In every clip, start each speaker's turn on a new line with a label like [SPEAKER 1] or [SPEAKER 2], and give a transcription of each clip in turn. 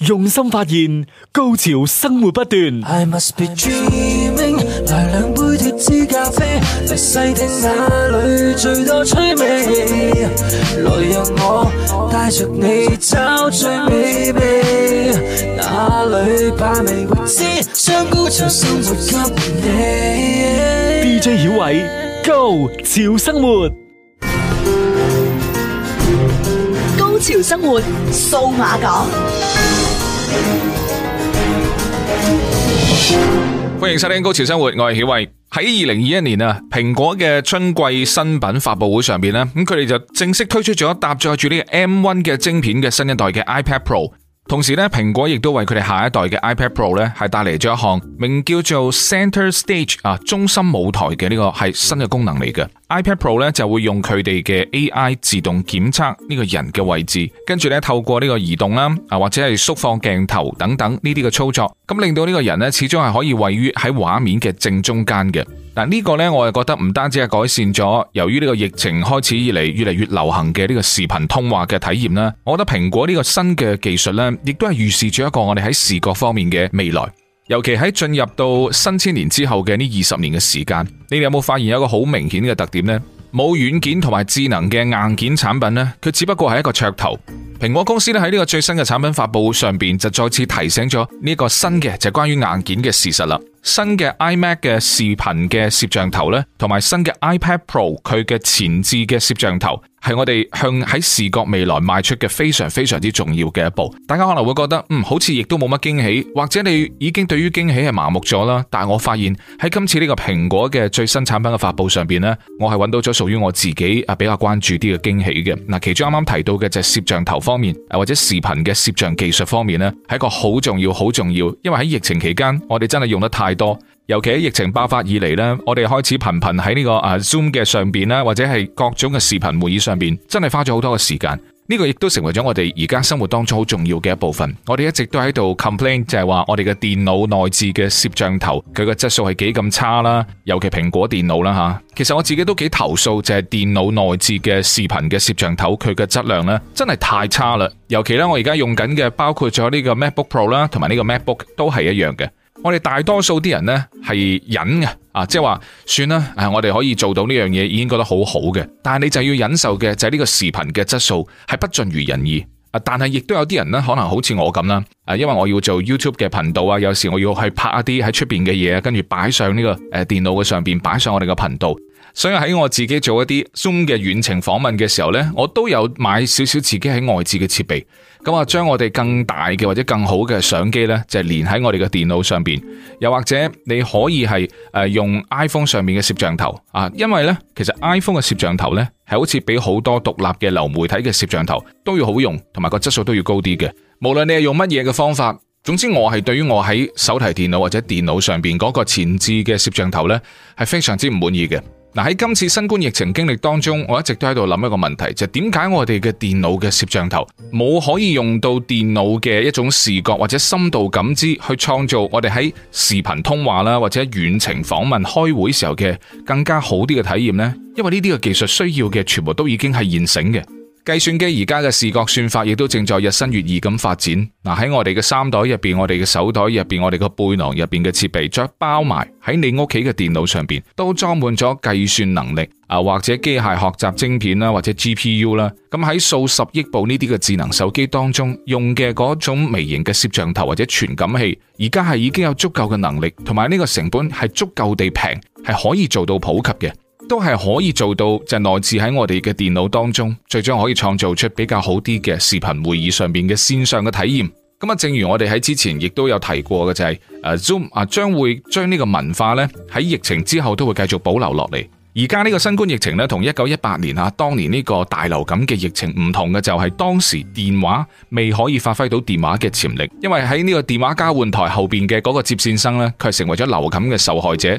[SPEAKER 1] 用心發現，高潮生活不斷。I m 杯脫脂咖啡，細聽那裏最多趣味。來讓我帶着你找最美味，baby，把味未知，將高潮生活給你。Yeah、DJ 小偉，Go，潮生活，高潮生活，數碼港。。歡迎收聽《高潮生活》，我係曉慧。喺二零二一年啊，蘋果嘅春季新品發布會上面，咧，咁佢哋就正式推出咗搭載住呢個 M1 嘅晶片嘅新一代嘅 iPad Pro 同時咧，蘋果亦都為佢哋下一代嘅 iPad Pro 咧，係帶嚟咗一項名叫做 Center Stage 啊，中心舞台嘅呢個係新嘅功能嚟嘅。iPad Pro 咧就會用佢哋嘅 AI 自動檢測呢個人嘅位置，跟住咧透過呢個移動啦啊或者係縮放鏡頭等等呢啲嘅操作，咁令到呢個人咧始終係可以位於喺畫面嘅正中間嘅。嗱呢個呢，我係覺得唔單止係改善咗，由於呢個疫情開始以嚟越嚟越流行嘅呢個視頻通話嘅體驗啦，我覺得蘋果呢個新嘅技術呢，亦都係預示住一個我哋喺視覺方面嘅未來。尤其喺進入到新千年之後嘅呢二十年嘅時間，你哋有冇發現有一個好明顯嘅特點呢？冇軟件同埋智能嘅硬件產品呢，佢只不過係一個噱頭。蘋果公司咧喺呢個最新嘅產品發佈上邊就再次提醒咗呢個新嘅就關於硬件嘅事實啦。新嘅 iMac 嘅視頻嘅攝像頭咧，同埋新嘅 iPad Pro 佢嘅前置嘅攝像頭，係我哋向喺視覺未來邁出嘅非常非常之重要嘅一步。大家可能會覺得，嗯，好似亦都冇乜驚喜，或者你已經對於驚喜係麻木咗啦。但係我發現喺今次呢個蘋果嘅最新產品嘅發布上邊咧，我係揾到咗屬於我自己啊比較關注啲嘅驚喜嘅。嗱，其中啱啱提到嘅就係攝像頭方面，或者視頻嘅攝像技術方面咧，係一個好重要、好重要，因為喺疫情期間我哋真係用得太。多，尤其喺疫情爆發以嚟呢，我哋開始頻頻喺呢個誒 Zoom 嘅上邊咧，或者係各種嘅視頻會議上邊，真係花咗好多嘅時間。呢、這個亦都成為咗我哋而家生活當中好重要嘅一部分。我哋一直都喺度 complain，就係話我哋嘅電腦內置嘅攝像頭佢個質素係幾咁差啦。尤其蘋果電腦啦吓，其實我自己都幾投訴，就係、是、電腦內置嘅視頻嘅攝像頭佢嘅質量呢真係太差啦。尤其呢，我而家用緊嘅包括咗呢個 MacBook Pro 啦，同埋呢個 MacBook 都係一樣嘅。我哋大多數啲人呢係忍嘅，啊，即係話算啦，誒，我哋可以做到呢樣嘢，已經覺得好好嘅。但係你就要忍受嘅就係呢個視頻嘅質素係不盡如人意。啊，但係亦都有啲人呢，可能好似我咁啦，啊，因為我要做 YouTube 嘅頻道啊，有時我要去拍一啲喺出邊嘅嘢，跟住擺上呢個誒電腦嘅上邊，擺上我哋嘅頻道。所以喺我自己做一啲 Zoom 嘅遠程訪問嘅時候呢，我都有買少少自己喺外置嘅設備。咁啊，將我哋更大嘅或者更好嘅相機呢，就係連喺我哋嘅電腦上邊，又或者你可以係誒用 iPhone 上面嘅攝像頭啊。因為呢，其實 iPhone 嘅攝像頭呢，係好似比好多獨立嘅流媒體嘅攝像頭都要好用，同埋個質素都要高啲嘅。無論你係用乜嘢嘅方法，總之我係對於我喺手提電腦或者電腦上邊嗰個前置嘅攝像頭呢，係非常之唔滿意嘅。嗱，喺今次新冠疫情經歷當中，我一直都喺度諗一個問題，就點解我哋嘅電腦嘅攝像頭冇可以用到電腦嘅一種視覺或者深度感知去創造我哋喺視頻通話啦，或者遠程訪問開會時候嘅更加好啲嘅體驗咧？因為呢啲嘅技術需要嘅全部都已經係現成嘅。計算機而家嘅視覺算法亦都正在日新月異咁發展。嗱，喺我哋嘅衫袋入邊、我哋嘅手袋入邊、我哋嘅背囊入邊嘅設備，再包埋喺你屋企嘅電腦上面，都裝滿咗計算能力啊，或者機械學習晶片啦，或者 GPU 啦、啊。咁喺數十億部呢啲嘅智能手機當中，用嘅嗰種微型嘅攝像頭或者傳感器，而家係已經有足夠嘅能力，同埋呢個成本係足夠地平，係可以做到普及嘅。都係可以做到，就是、內置喺我哋嘅電腦當中，最終可以創造出比較好啲嘅視頻會議上邊嘅線上嘅體驗。咁啊，正如我哋喺之前亦都有提過嘅，就係、是、誒 Zoom 啊，將會將呢個文化呢喺疫情之後都會繼續保留落嚟。而家呢個新冠疫情呢，同一九一八年啊當年呢個大流感嘅疫情唔同嘅就係當時電話未可以發揮到電話嘅潛力，因為喺呢個電話交換台後邊嘅嗰個接線生呢，佢成為咗流感嘅受害者。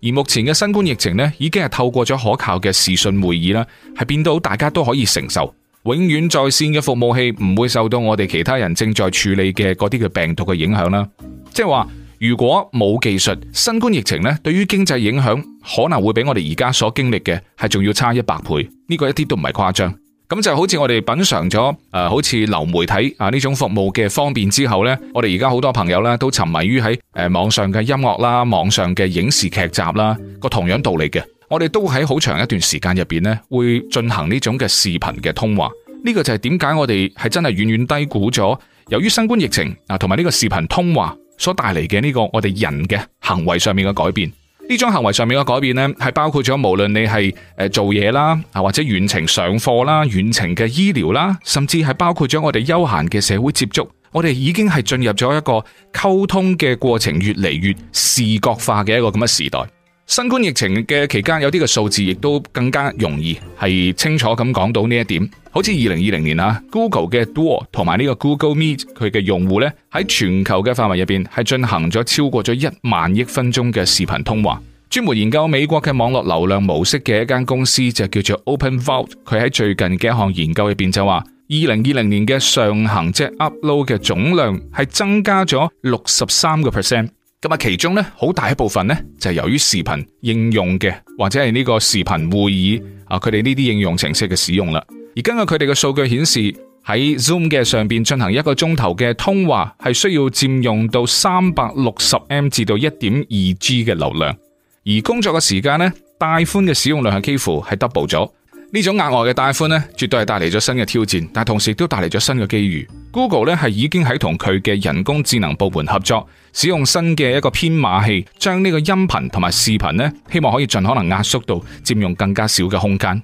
[SPEAKER 1] 而目前嘅新冠疫情咧，已經係透過咗可靠嘅視訊會議啦，係變到大家都可以承受。永遠在線嘅服務器唔會受到我哋其他人正在處理嘅嗰啲嘅病毒嘅影響啦。即係話，如果冇技術，新冠疫情咧，對於經濟影響可能會比我哋而家所經歷嘅係仲要差一百倍。呢個一啲都唔係誇張。咁就好似我哋品嘗咗誒，好似流媒體啊呢種服務嘅方便之後咧，我哋而家好多朋友咧都沉迷於喺誒網上嘅音樂啦、網上嘅影視劇集啦，個同樣道理嘅，我哋都喺好長一段時間入邊咧會進行呢種嘅視頻嘅通話。呢個就係點解我哋係真係遠遠低估咗，由於新冠疫情啊同埋呢個視頻通話所帶嚟嘅呢個我哋人嘅行為上面嘅改變。呢種行為上面嘅改變呢，係包括咗無論你係做嘢啦，或者遠程上課啦、遠程嘅醫療啦，甚至係包括咗我哋休閒嘅社會接觸，我哋已經係進入咗一個溝通嘅過程，越嚟越視覺化嘅一個咁嘅時代。新冠疫情嘅期間，有啲嘅數字亦都更加容易係清楚咁講到呢一點。好似二零二零年啊，Google 嘅 Duo 同埋呢個 Google Meet，佢嘅用戶咧，喺全球嘅範圍入邊係進行咗超過咗一萬億分鐘嘅視頻通話。專門研究美國嘅網絡流量模式嘅一間公司就叫做 Open Vault，佢喺最近嘅一項研究入邊就話，二零二零年嘅上行即係 upload 嘅總量係增加咗六十三個 percent。咁啊，其中咧好大一部分咧就係由於視頻應用嘅，或者係呢個視頻會議啊，佢哋呢啲應用程式嘅使用啦。而根據佢哋嘅數據顯示，喺 Zoom 嘅上邊進行一個鐘頭嘅通話係需要佔用到三百六十 M 至到一點二 G 嘅流量，而工作嘅時間呢，帶寬嘅使用量係幾乎係 double 咗。呢種額外嘅帶寬咧，絕對係帶嚟咗新嘅挑戰，但係同時都帶嚟咗新嘅機遇。Google 咧係已經喺同佢嘅人工智能部門合作，使用新嘅一個編碼器，將呢個音頻同埋視頻咧，希望可以盡可能壓縮到佔用更加少嘅空間。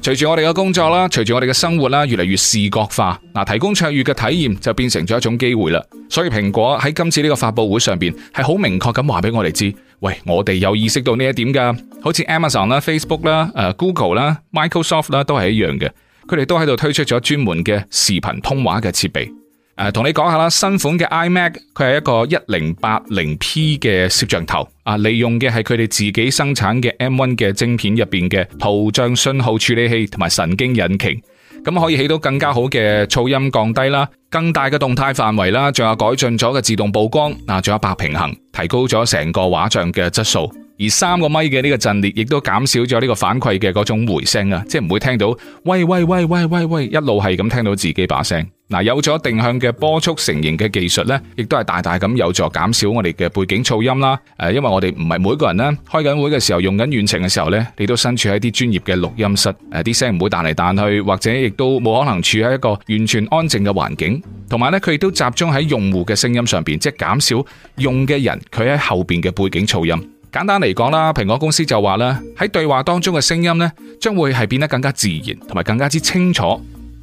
[SPEAKER 1] 隨住我哋嘅工作啦，隨住我哋嘅生活啦，越嚟越視覺化，嗱，提供卓越嘅體驗就變成咗一種機會啦。所以蘋果喺今次呢個發布會上邊係好明確咁話俾我哋知。喂，我哋有意識到呢一點噶，好似 Amazon 啦、Facebook 啦、Google 啦、Microsoft 啦都係一樣嘅，佢哋都喺度推出咗專門嘅視頻通話嘅設備。啊，同你講下啦，新款嘅 iMac 佢係一個一零八零 P 嘅攝像頭，啊，利用嘅係佢哋自己生產嘅 M1 嘅晶片入邊嘅圖像信號處理器同埋神經引擎。咁可以起到更加好嘅噪音降低啦，更大嘅動態範圍啦，仲有改進咗嘅自動曝光，啊，仲有白平衡，提高咗成個畫像嘅質素。而三個咪嘅呢個陣列，亦都減少咗呢個反饋嘅嗰種回聲啊，即係唔會聽到喂喂喂喂喂喂一路係咁聽到自己把聲嗱、啊。有咗定向嘅波速成型嘅技術呢，亦都係大大咁有助減少我哋嘅背景噪音啦。誒、啊，因為我哋唔係每個人呢開緊會嘅時候，用緊遠程嘅時候呢，你都身處喺啲專業嘅錄音室，誒、啊、啲聲唔會彈嚟彈去，或者亦都冇可能處喺一個完全安靜嘅環境。同埋呢，佢亦都集中喺用戶嘅聲音上邊，即係減少用嘅人佢喺後邊嘅背景噪音。簡單嚟講啦，蘋果公司就話啦，喺對話當中嘅聲音呢，將會係變得更加自然同埋更加之清楚。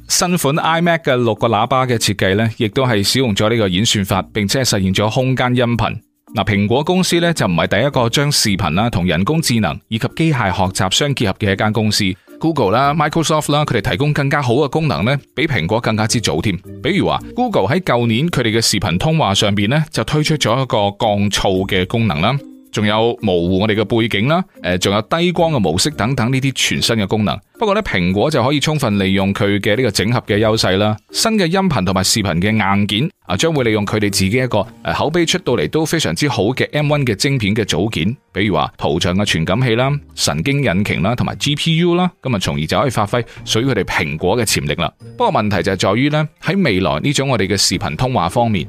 [SPEAKER 1] 新款 iMac 嘅六個喇叭嘅設計呢，亦都係使用咗呢個演算法，並且實現咗空間音頻。嗱，蘋果公司呢，就唔係第一個將視頻啦同人工智能以及機械學習相結合嘅一間公司。Google 啦、Microsoft 啦，佢哋提供更加好嘅功能呢，比蘋果更加之早添。比如話，Google 喺舊年佢哋嘅視頻通話上邊呢，就推出咗一個降噪嘅功能啦。仲有模糊我哋嘅背景啦，誒，仲有低光嘅模式等等呢啲全新嘅功能。不過咧，蘋果就可以充分利用佢嘅呢個整合嘅優勢啦。新嘅音頻同埋視頻嘅硬件啊，將會利用佢哋自己一個誒口碑出到嚟都非常之好嘅 M1 嘅晶片嘅組件，比如話圖像嘅傳感器啦、神經引擎啦、同埋 GPU 啦，咁啊，從而就可以發揮屬於佢哋蘋果嘅潛力啦。不過問題就係在於咧，喺未來呢種我哋嘅視頻通話方面，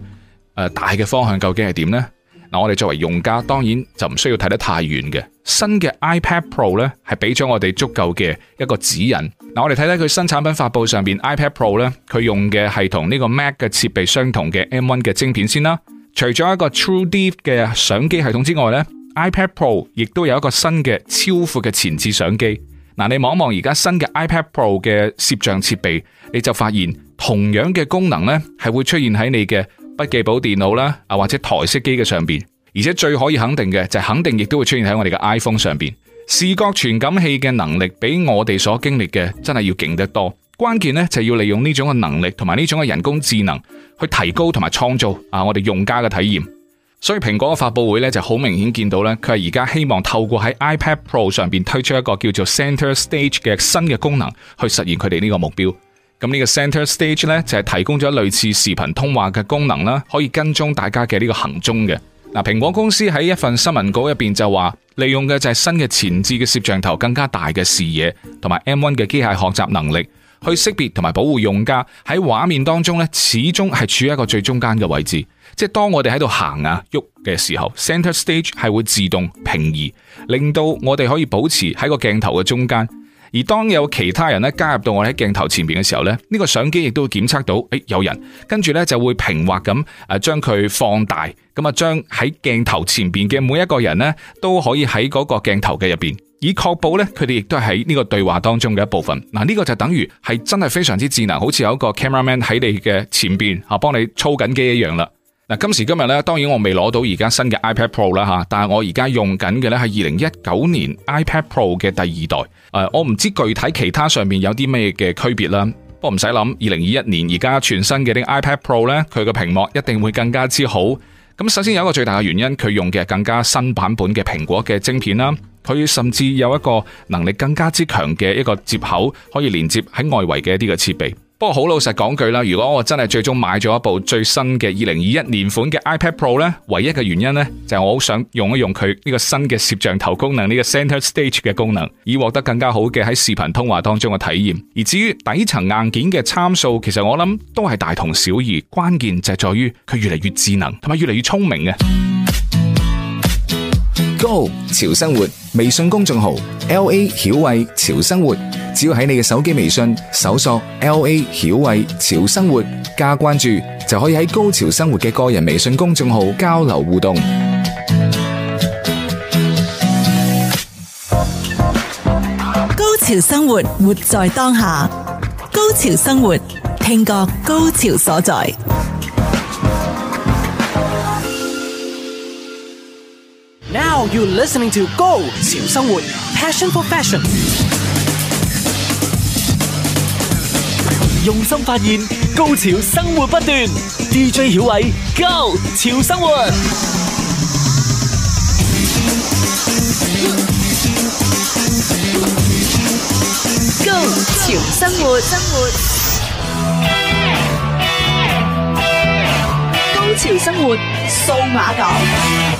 [SPEAKER 1] 誒，大嘅方向究竟係點咧？嗱，我哋作為用家，當然就唔需要睇得太遠嘅。新嘅 iPad Pro 咧，係俾咗我哋足夠嘅一個指引。嗱，我哋睇睇佢新產品發佈上面 iPad Pro 咧，佢用嘅係同呢個 Mac 嘅設備相同嘅 M1 嘅晶片先啦。除咗一個 TrueDepth 嘅相機系統之外咧，iPad Pro 亦都有一個新嘅超闊嘅前置相機。嗱，你望一望而家新嘅 iPad Pro 嘅攝像設備，你就發現同樣嘅功能咧，係會出現喺你嘅。筆記簿電腦啦，啊或者台式機嘅上邊，而且最可以肯定嘅就係肯定亦都會出現喺我哋嘅 iPhone 上邊，視覺傳感器嘅能力比我哋所經歷嘅真係要勁得多。關鍵呢，就係要利用呢種嘅能力同埋呢種嘅人工智能去提高同埋創造啊我哋用家嘅體驗。所以蘋果嘅發佈會呢，就好明顯見到呢，佢係而家希望透過喺 iPad Pro 上邊推出一個叫做 Center Stage 嘅新嘅功能，去實現佢哋呢個目標。咁呢個 Center Stage 咧就係提供咗類似視頻通話嘅功能啦，可以跟蹤大家嘅呢個行蹤嘅。嗱，蘋果公司喺一份新聞稿入邊就話，利用嘅就係新嘅前置嘅攝像頭，更加大嘅視野，同埋 M1 嘅機械學習能力，去識別同埋保護用家喺畫面當中呢，始終係處於一個最中間嘅位置。即係當我哋喺度行啊喐嘅時候，Center Stage 係會自動平移，令到我哋可以保持喺個鏡頭嘅中間。而當有其他人咧加入到我喺鏡頭前邊嘅時候咧，呢、呢個相機亦都會檢測到，誒有人，跟住咧就會平滑咁誒將佢放大，咁啊將喺鏡頭前邊嘅每一個人咧都可以喺嗰個鏡頭嘅入邊，以確保咧佢哋亦都喺呢個對話當中嘅一部分。嗱、呢、呢個就等於係真係非常之智能，好似有一個 camera man 喺你嘅前邊嚇幫你操緊機一樣啦。嗱，今時今日咧，當然我未攞到而家新嘅 iPad Pro 啦吓，但係我而家用緊嘅咧係二零一九年 iPad Pro 嘅第二代。誒，我唔知具體其他上面有啲咩嘅區別啦，不過唔使諗，二零二一年而家全新嘅啲 iPad Pro 咧，佢個屏幕一定會更加之好。咁首先有一個最大嘅原因，佢用嘅更加新版本嘅蘋果嘅晶片啦，佢甚至有一個能力更加之強嘅一個接口，可以連接喺外圍嘅一啲嘅設備。不過好老實講句啦，如果我真係最終買咗一部最新嘅二零二一年款嘅 iPad Pro 呢，唯一嘅原因呢，就係我好想用一用佢呢個新嘅攝像頭功能，呢個 Center Stage 嘅功能，以獲得更加好嘅喺視頻通話當中嘅體驗。而至於底層硬件嘅參數，其實我諗都係大同小異，關鍵就係在於佢越嚟越智能同埋越嚟越聰明嘅。Go 潮生活微信公眾號 L A 曉慧潮生活。只要喺你嘅手機微信搜索 L A 曉慧潮生活加關注，就可以喺高潮生活嘅個人微信公眾號交流互動。高潮生活，活在當下；高潮生活，聽覺高潮所在。Now you're listening to 高潮生活，passion for fashion。用心發現高潮生活不斷，DJ 曉偉，Go 潮生活，Go 潮生活，生活，高潮生活數碼港。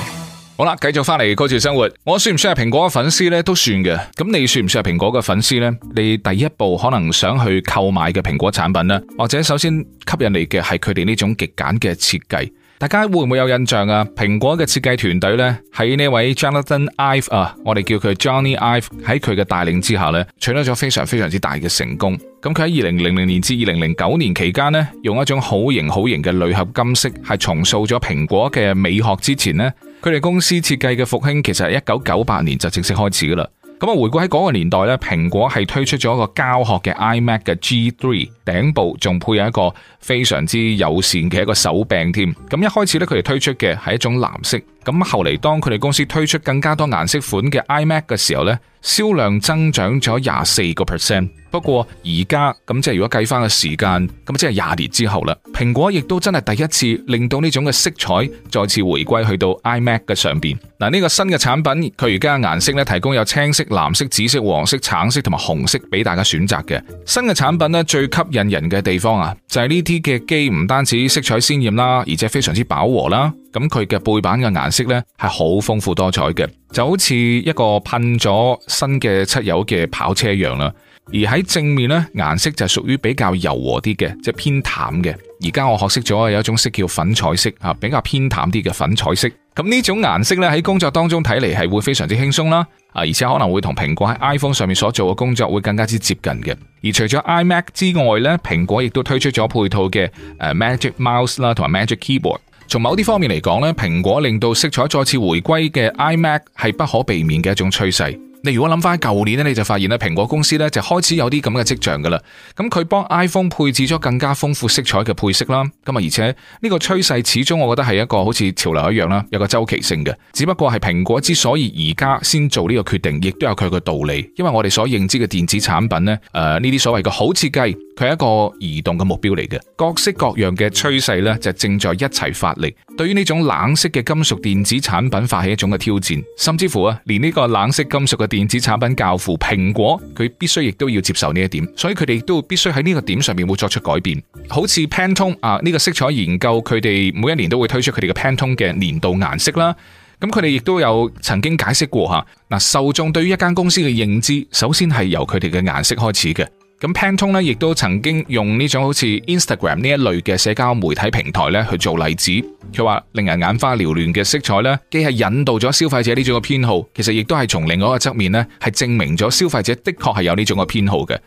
[SPEAKER 1] 好啦，繼續翻嚟《高潮生活》，我算唔算係蘋果嘅粉絲呢？都算嘅。咁你算唔算係蘋果嘅粉絲呢？你第一步可能想去購買嘅蘋果產品咧，或者首先吸引你嘅係佢哋呢種極簡嘅設計。大家會唔會有印象啊？蘋果嘅設計團隊呢，喺呢位 Jonathan Ive 啊，我哋叫佢 Johnny Ive 喺佢嘅帶領之下呢，取得咗非常非常之大嘅成功。咁佢喺二零零零年至二零零九年期間呢，用一種好型好型嘅鋁合金色系重塑咗蘋果嘅美學。之前呢。佢哋公司設計嘅復興其實係一九九八年就正式開始噶啦。咁啊，回顧喺嗰個年代咧，蘋果係推出咗一個膠殼嘅 iMac 嘅 G3，頂部仲配有一個非常之友善嘅一個手柄添。咁一開始咧，佢哋推出嘅係一種藍色。咁後嚟，當佢哋公司推出更加多顏色款嘅 iMac 嘅時候呢，銷量增長咗廿四個 percent。不過而家咁即係如果計翻個時間，咁即係廿年之後啦。蘋果亦都真係第一次令到呢種嘅色彩再次回歸去到 iMac 嘅上邊。嗱，呢個新嘅產品，佢而家顏色呢提供有青色、藍色、紫色、黃色、橙色同埋紅色俾大家選擇嘅。新嘅產品呢，最吸引人嘅地方啊，就係呢啲嘅機唔單止色彩鮮艷啦，而且非常之飽和啦。咁佢嘅背板嘅顏色呢，係好豐富多彩嘅，就好似一個噴咗新嘅漆油嘅跑車一樣啦。而喺正面呢，顏色就屬於比較柔和啲嘅，即係偏淡嘅。而家我學識咗有一種色叫粉彩色啊，比較偏淡啲嘅粉彩色。咁呢種顏色呢，喺工作當中睇嚟係會非常之輕鬆啦，啊，而且可能會同蘋果喺 iPhone 上面所做嘅工作會更加之接近嘅。而除咗 iMac 之外呢，蘋果亦都推出咗配套嘅誒 Magic Mouse 啦，同埋 Magic Keyboard。從某啲方面嚟講咧，蘋果令到色彩再次回歸嘅 iMac 係不可避免嘅一種趨勢。你如果諗翻舊年咧，你就發現咧，蘋果公司咧就開始有啲咁嘅跡象噶啦。咁佢幫 iPhone 配置咗更加豐富色彩嘅配色啦。咁啊，而且呢個趨勢始終我覺得係一個好似潮流一樣啦，有個週期性嘅。只不過係蘋果之所以而家先做呢個決定，亦都有佢嘅道理。因為我哋所認知嘅電子產品咧，誒呢啲所謂嘅好設計。佢係一個移動嘅目標嚟嘅，各式各樣嘅趨勢咧就正在一齊發力，對於呢種冷色嘅金屬電子產品發起一種嘅挑戰，甚至乎啊，連呢個冷色金屬嘅電子產品教父蘋果，佢必須亦都要接受呢一點，所以佢哋亦都必須喺呢個點上面會作出改變，好似 Pantone 啊呢個色彩研究，佢哋每一年都會推出佢哋嘅 Pantone 嘅年度顏色啦，咁佢哋亦都有曾經解釋過吓，嗱，受眾對於一間公司嘅認知，首先係由佢哋嘅顏色開始嘅。咁 Pantone 咧，亦都曾經用呢種好似 Instagram 呢一類嘅社交媒體平台咧，去做例子，佢話令人眼花繚亂嘅色彩咧，既係引導咗消費者呢種嘅偏好，其實亦都係從另外一個側面咧，係證明咗消費者的確係有呢種嘅偏好嘅。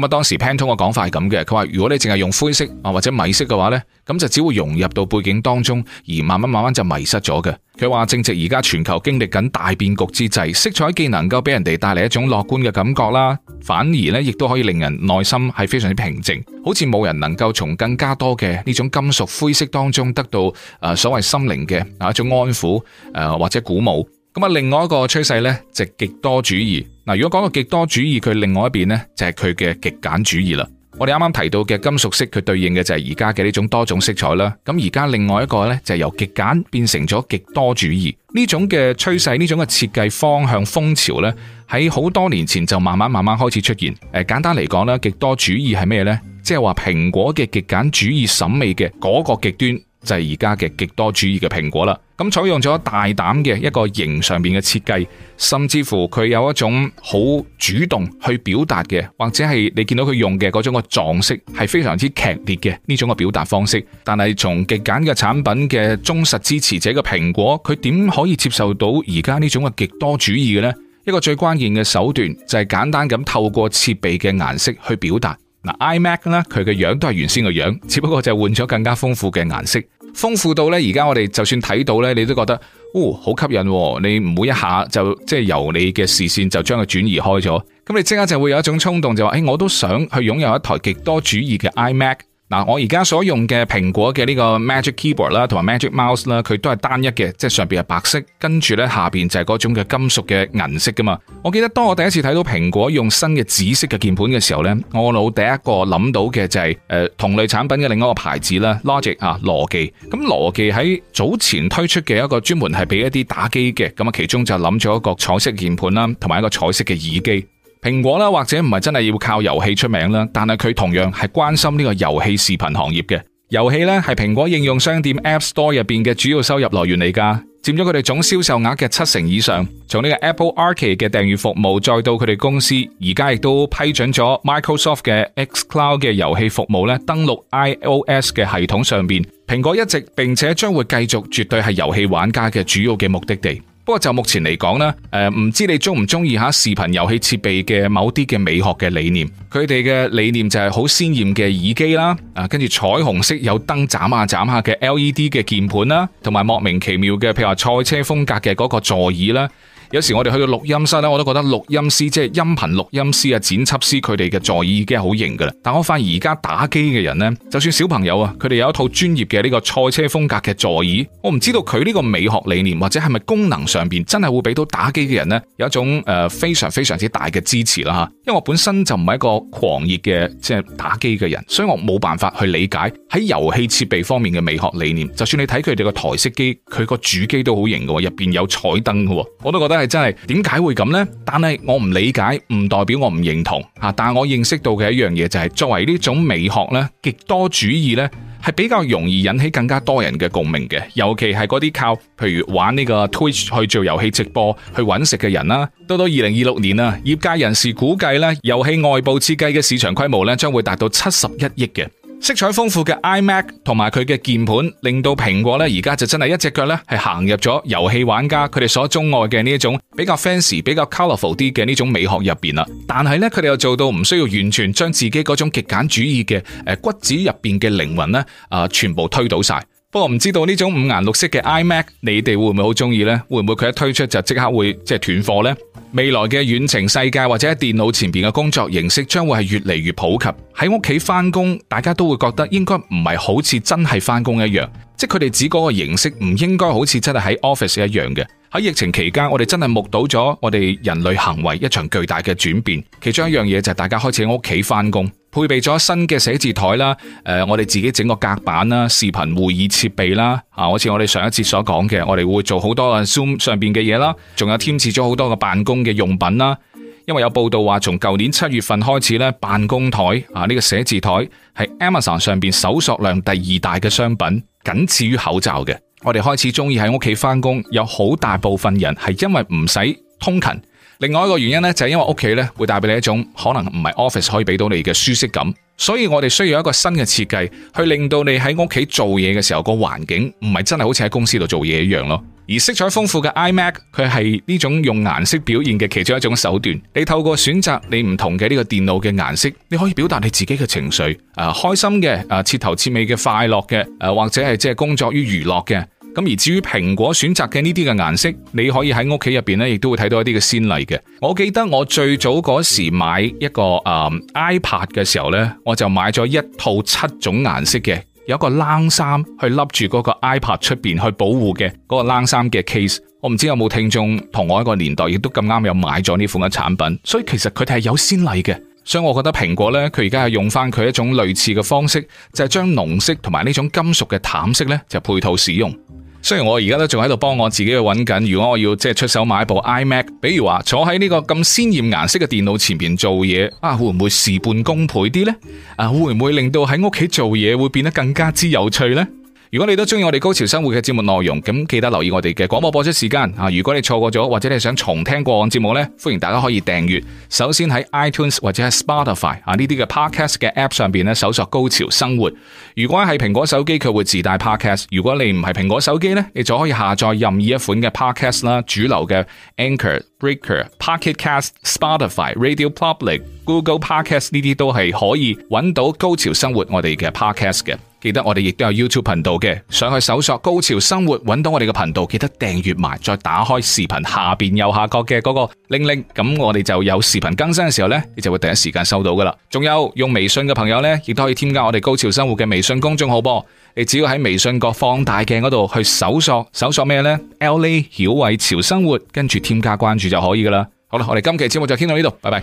[SPEAKER 1] 咁啊，當時潘通個講法係咁嘅，佢話如果你淨係用灰色啊或者米色嘅話呢，咁就只會融入到背景當中，而慢慢慢慢就迷失咗嘅。佢話正值而家全球經歷緊大變局之際，色彩既能夠俾人哋帶嚟一種樂觀嘅感覺啦，反而呢亦都可以令人內心係非常之平靜，好似冇人能夠從更加多嘅呢種金屬灰色當中得到誒所謂心靈嘅啊一種安撫誒、呃、或者鼓舞。咁啊，另外一個趨勢呢，就極多主義。嗱，如果講到極多主義，佢另外一邊呢，就係佢嘅極簡主義啦。我哋啱啱提到嘅金屬色，佢對應嘅就係而家嘅呢種多種色彩啦。咁而家另外一個呢，就係由極簡變成咗極多主義呢種嘅趨勢，呢種嘅設計方向風潮呢，喺好多年前就慢慢慢慢開始出現。誒，簡單嚟講啦，極多主義係咩呢？即係話蘋果嘅極簡主義審美嘅嗰個極端，就係而家嘅極多主義嘅蘋果啦。咁採用咗大膽嘅一個形上面嘅設計，甚至乎佢有一種好主動去表達嘅，或者係你見到佢用嘅嗰種個撞色係非常之劇烈嘅呢種個表達方式。但係從極簡嘅產品嘅忠實支持者嘅蘋果，佢點可以接受到而家呢種嘅極多主義嘅呢？一個最關鍵嘅手段就係簡單咁透過設備嘅顏色去表達。嗱 ，iMac 呢，佢嘅樣都係原先嘅樣，只不過就換咗更加豐富嘅顏色。豐富到呢，而家我哋就算睇到呢，你都覺得，哦，好吸引，哦，你唔會一下就即係、就是、由你嘅視線就將佢轉移開咗。咁你即刻就會有一種衝動，就話，誒，我都想去擁有一台極多主義嘅 iMac。嗱，我而家所用嘅蘋果嘅呢個 Magic Keyboard 啦，同埋 Magic Mouse 啦，佢都係單一嘅，即係上邊係白色，跟住呢下邊就係嗰種嘅金屬嘅銀色噶嘛。我記得當我第一次睇到蘋果用新嘅紫色嘅鍵盤嘅時候呢，我腦第一個諗到嘅就係、是、誒、呃、同類產品嘅另一個牌子啦，Logic 啊，羅技。咁羅技喺早前推出嘅一個專門係俾一啲打機嘅，咁啊其中就諗咗一個彩色鍵盤啦，同埋一個彩色嘅耳機。蘋果啦，或者唔係真係要靠遊戲出名啦，但係佢同樣係關心呢個遊戲視頻行業嘅。遊戲咧係蘋果應用商店 App Store 入邊嘅主要收入來源嚟㗎，佔咗佢哋總銷售額嘅七成以上。從呢個 Apple Arcade 嘅訂閱服務，再到佢哋公司而家亦都批准咗 Microsoft 嘅 X Cloud 嘅遊戲服務咧，登錄 iOS 嘅系統上邊，蘋果一直並且將會繼續絕對係遊戲玩家嘅主要嘅目的地。不過就目前嚟講咧，誒，唔知你中唔中意吓視頻遊戲設備嘅某啲嘅美學嘅理念？佢哋嘅理念就係好鮮艷嘅耳機啦，啊，跟住彩虹色有燈眨下眨下嘅 LED 嘅鍵盤啦，同埋莫名其妙嘅，譬如話賽車風格嘅嗰個座椅啦。有時我哋去到錄音室咧，我都覺得錄音師即係音頻錄音師啊、剪輯師佢哋嘅座椅已經係好型㗎喇。但我發現而家打機嘅人咧，就算小朋友啊，佢哋有一套專業嘅呢個賽車風格嘅座椅，我唔知道佢呢個美學理念或者係咪功能上邊真係會俾到打機嘅人咧有一種誒非常非常之大嘅支持喇吓。因為我本身就唔係一個狂熱嘅即係打機嘅人，所以我冇辦法去理解喺遊戲設備方面嘅美學理念。就算你睇佢哋個台式機，佢個主機都好型㗎喎，入邊有彩燈㗎喎，我都覺得。係真係，點解會咁呢？但係我唔理解，唔代表我唔認同啊！但係我認識到嘅一樣嘢就係，作為呢種美學呢，極多主義呢，係比較容易引起更加多人嘅共鳴嘅。尤其係嗰啲靠，譬如玩呢個 Twitch 去做遊戲直播去搵食嘅人啦。到到二零二六年啊，業界人士估計呢，遊戲外部設計嘅市場規模呢，將會達到七十一億嘅。色彩豐富嘅 iMac 同埋佢嘅鍵盤，令到蘋果咧而家就真係一隻腳咧係行入咗遊戲玩家佢哋所鍾愛嘅呢一種比較 fancy、比較 colorful 啲嘅呢種美學入面，但係呢，佢哋又做到唔需要完全將自己嗰種極簡主義嘅誒骨子入面嘅靈魂咧啊，全部推倒晒。不過唔知道呢種五顏六色嘅 iMac，你哋會唔會好中意呢？會唔會佢一推出就即刻會即係斷貨呢？未來嘅遠程世界或者喺電腦前邊嘅工作形式，將會係越嚟越普及。喺屋企翻工，大家都會覺得應該唔係好似真係翻工一樣。即係佢哋指嗰個形式唔應該好似真係喺 office 一樣嘅。喺疫情期間，我哋真係目睹咗我哋人類行為一場巨大嘅轉變。其中一樣嘢就係大家開始喺屋企翻工，配備咗新嘅寫字台啦。誒、呃，我哋自己整個隔板啦，視頻會議設備啦。啊，好似我哋上一節所講嘅，我哋會做好多 Zoom 上邊嘅嘢啦。仲有添置咗好多嘅辦公嘅用品啦。因為有報道話，從舊年七月份開始呢，辦公台啊呢、呢個寫字台係 Amazon 上邊搜索量第二大嘅商品。僅次於口罩嘅，我哋開始中意喺屋企翻工，有好大部分人係因為唔使通勤，另外一個原因呢，就係因為屋企呢會帶俾你一種可能唔係 office 可以俾到你嘅舒適感，所以我哋需要一個新嘅設計去令到你喺屋企做嘢嘅時候個環境唔係真係好似喺公司度做嘢一樣咯。而色彩豐富嘅 iMac，佢係呢種用顏色表現嘅其中一種手段。你透過選擇你唔同嘅呢個電腦嘅顏色，你可以表達你自己嘅情緒，啊開心嘅，啊徹頭徹尾嘅快樂嘅、啊，或者係工作與娛樂嘅。咁而至於蘋果選擇嘅呢啲嘅顏色，你可以喺屋企入邊呢亦都會睇到一啲嘅先例嘅。我記得我最早嗰時買一個誒、嗯、iPad 嘅時候呢，我就買咗一套七種顏色嘅。有一個冷衫去笠住嗰個 iPad 出邊去保護嘅嗰個冷衫嘅 case，我唔知有冇聽眾同我一個年代，亦都咁啱有買咗呢款嘅產品，所以其實佢哋係有先例嘅，所以我覺得蘋果呢，佢而家係用翻佢一種類似嘅方式，就係將濃色同埋呢種金屬嘅淡色呢就配套使用。雖然我而家都仲喺度幫我自己去揾緊，如果我要即係出手買部 iMac，比如話坐喺呢個咁鮮艷顏色嘅電腦前邊做嘢，啊會唔會事半功倍啲呢？啊會唔會令到喺屋企做嘢會變得更加之有趣呢？如果你都中意我哋高潮生活嘅節目內容，咁記得留意我哋嘅廣播播出時間啊！如果你錯過咗，或者你想重聽過往節目呢，歡迎大家可以訂閱。首先喺 iTunes 或者係 Spotify 啊呢啲嘅 Podcast 嘅 App 上邊呢搜索高潮生活。如果係蘋果手機，佢會自帶 Podcast；如果你唔係蘋果手機呢，你就可以下載任意一款嘅 Podcast 啦，主流嘅 Anchor、Breaker、Pocket Cast、Spotify、Radio Public。Google Podcast 呢啲都係可以搵到高《高潮生活》我哋嘅 Podcast 嘅。記得我哋亦都有 YouTube 頻道嘅，上去搜索《高潮生活》，搵到我哋嘅頻道，記得訂閱埋，再打開視頻下邊右下角嘅嗰個鈴鈴。咁我哋就有視頻更新嘅時候呢，你就會第一時間收到噶啦。仲有用微信嘅朋友呢，亦都可以添加我哋《高潮生活》嘅微信公眾號噃。你只要喺微信個放大鏡嗰度去搜索，搜索咩呢？l 李曉偉潮生活，跟住添加關注就可以噶啦。好啦，我哋今期節目就傾到呢度，拜拜。